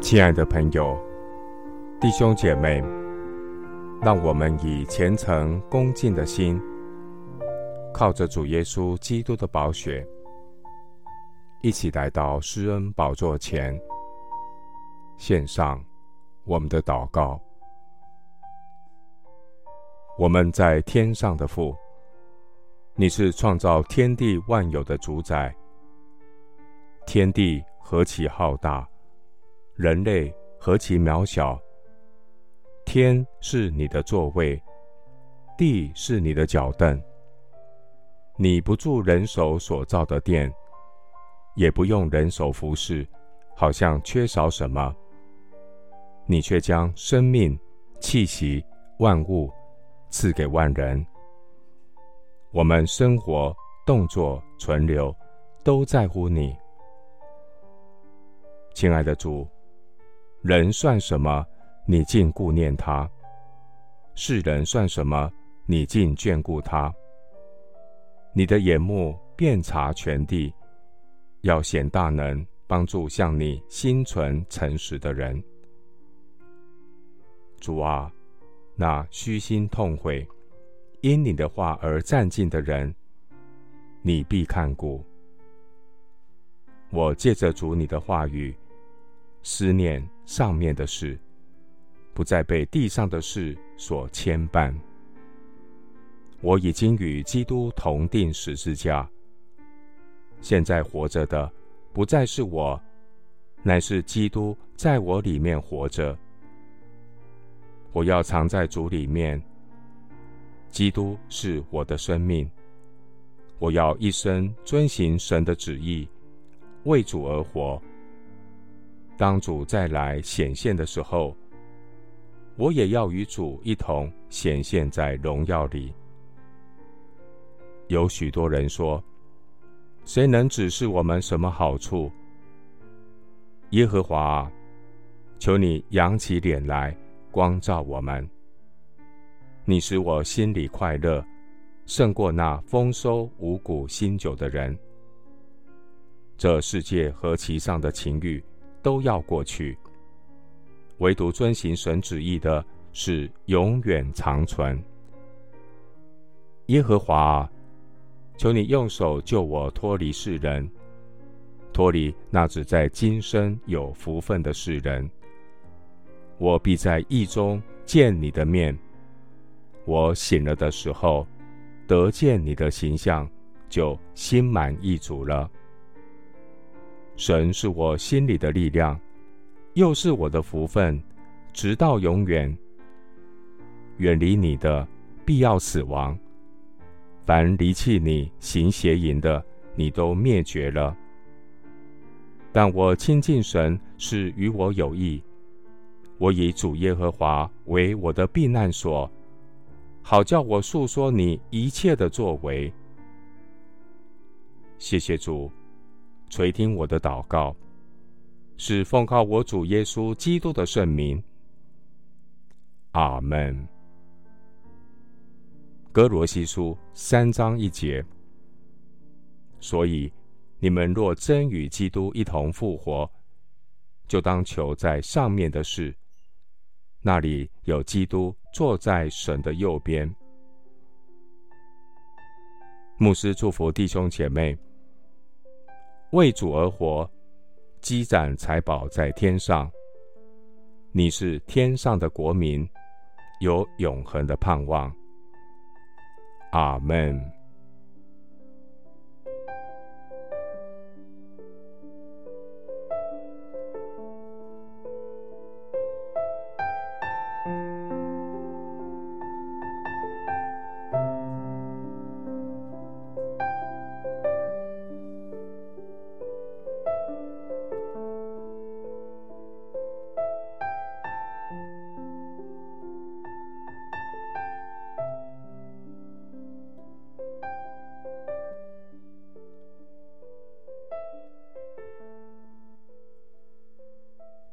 親愛的朋友、弟兄姐妹，讓我們以虔誠恭敬的心，靠着主耶穌基督的寶血，一起來到施恩寶座前，獻上我們的禱告。我們在天上的父，你是創造天地萬有的主宰，天地何其浩大，人類何其渺小。天是你的座位，地是你的腳凳。你不住人手所造的殿，也不用人手服侍，好像缺少什麼。你卻將生命、氣息、萬物賜給萬人。我們生活、動作、存留，都在乎你。親愛的主。人算什麼，你竟顧念他；世人算什麼，你竟眷顧他。你的眼目遍察全地，要顯大能，幫助向你心存誠實的人。主啊，那虛心痛悔，因你的話而戰兢的人，你必看顧。我借着主你的話語，思念上面的事，不再被地上的事所牽絆。我已經與基督同釘十字架。現在活着的，不再是我，乃是基督在我裡面活着。我要藏在主裡面。基督是我的生命。我要一生遵行神的旨意，為主而活。當主再來顯現的時候，我也要與主一同顯現在榮耀裡。有許多人說：“誰能指示我們什麼好處？”耶和華，求你仰起臉來光照我們。你使我心裡快樂，勝過那豐收五穀新酒的人。這世界和其上的情欲。都要過去，唯獨遵行神旨意的是永遠長存。耶和華，求你用手救我脫離世人，脫離那只在今生有福分的世人。我必在義中見你的面，我醒了的時候，得見你的形象，就心滿意足了。神是我心裡的力量，又是我的福分，直到永遠。遠離你的必要死亡，凡離棄你行邪淫的，你都滅絕了。但我親近神是與我有益，我以主耶和華為我的避難所，好叫我述說你一切的作為。謝謝主。垂聽我的禱告，是奉靠我主耶穌基督的聖名。阿門。歌羅西書三章一節：所以你們若真與基督一同復活，就當求在上面的事。那裡有基督坐在神的右邊。牧師祝福弟兄姐妹。為主而活，積攢財寶在天上。你是天上的國民，有永恆的盼望。阿門。